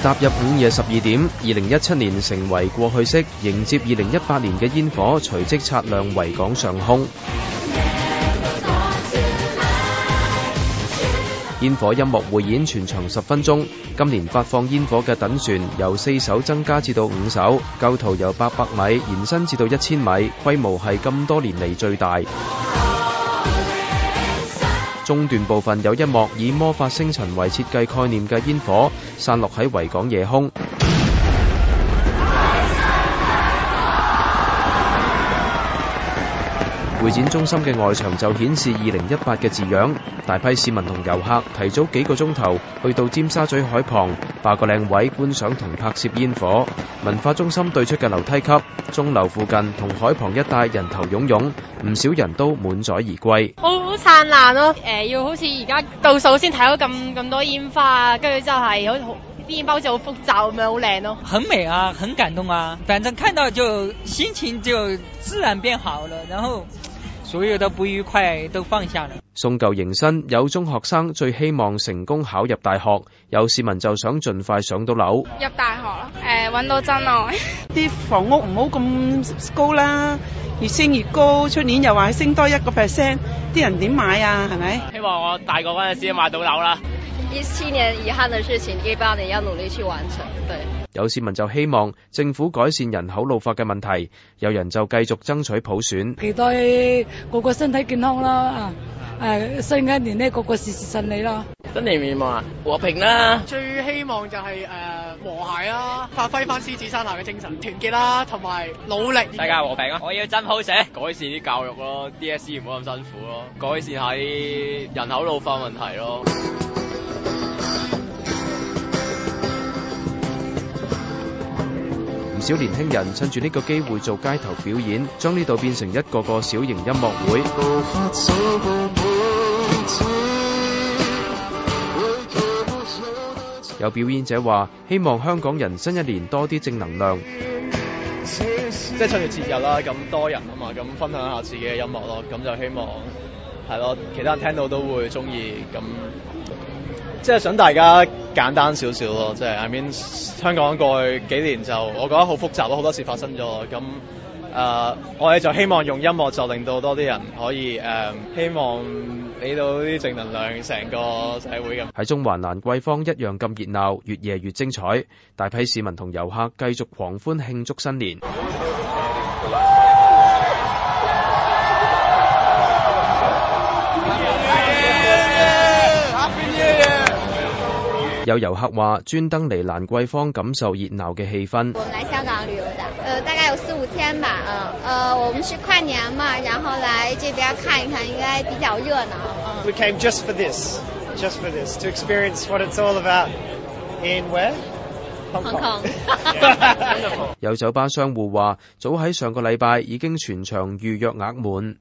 踏入午夜十二點，二零一七年成為過去式，迎接二零一八年嘅煙火，隨即擦亮維港上空。煙 火音樂匯演全長十分鐘，今年發放煙火嘅躉船由四艘增加至到五艘，構圖由八百米延伸至到一千米，規模係咁多年嚟最大。中段部分有一幕以魔法星塵為設計概念嘅煙火散落喺維港夜空。會展中心嘅外牆就顯示二零一八嘅字樣，大批市民同遊客提早幾個鐘頭去到尖沙咀海旁，八個靚位觀賞同拍攝煙火。文化中心對出嘅樓梯級、鐘樓附近同海旁一帶人頭湧湧，唔少人都滿載而歸。好好燦爛咯，誒、啊呃，要好似而家倒數先睇到咁咁多煙花，跟住就後係好好。麵包就好複雜，咪好靚咯。很美啊，很感動啊，反正看到就心情就自然變好了，然後所有的不愉快都放下了。送舊迎新，有中學生最希望成功考入大學，有市民就想盡快上到樓。入大學咯，誒、呃，搵到真愛。啲房屋唔好咁高啦，越升越高，出年又話升多一個 percent，啲人點買啊？係咪？希望我大個嗰陣時買到樓啦。一七年遺憾嘅事情，一八年要努力去完成。對。有市民就希望政府改善人口老化嘅問題，有人就繼續爭取普選。期待個個身體健康啦，誒、啊，新一年咧，個個事事順利啦。新年願望啊，和平啦、啊。最希望就係誒和諧啦，發揮翻獅子山下嘅精神，團結啦，同埋努力。大家和平啊！我要真好寫改善啲教育咯，D S C 唔好咁辛苦咯，改善喺人口老化問題咯。 小年輕人趁住呢個機會做街頭表演，將呢度變成一個個小型音樂會。有表演者話：希望香港人新一年多啲正能量。即係趁住節日啦，咁多人啊嘛，咁分享下自己嘅音樂咯，咁就希望係咯，其他人聽到都會中意咁。即係想大家簡單少少咯，即係 I mean，香港過去幾年就我覺得好複雜咯，好多事發生咗，咁誒，我哋就希望用音樂就令到多啲人可以誒，希望俾到啲正能量成個社會咁。喺中環蘭桂坊一樣咁熱鬧，越夜越精彩，大批市民同遊客繼續狂歡慶祝新年。 有遊客話專登嚟蘭桂坊感受熱鬧嘅氣氛。我們來香港旅遊的，呃，大概有四五天吧，呃，我們是跨年嘛，然後來這邊看一看，應該比較熱鬧。We came just for this, just for this, to experience what it's all about. In where？香港。有酒吧商戶話，早喺上個禮拜已經全場預約額滿。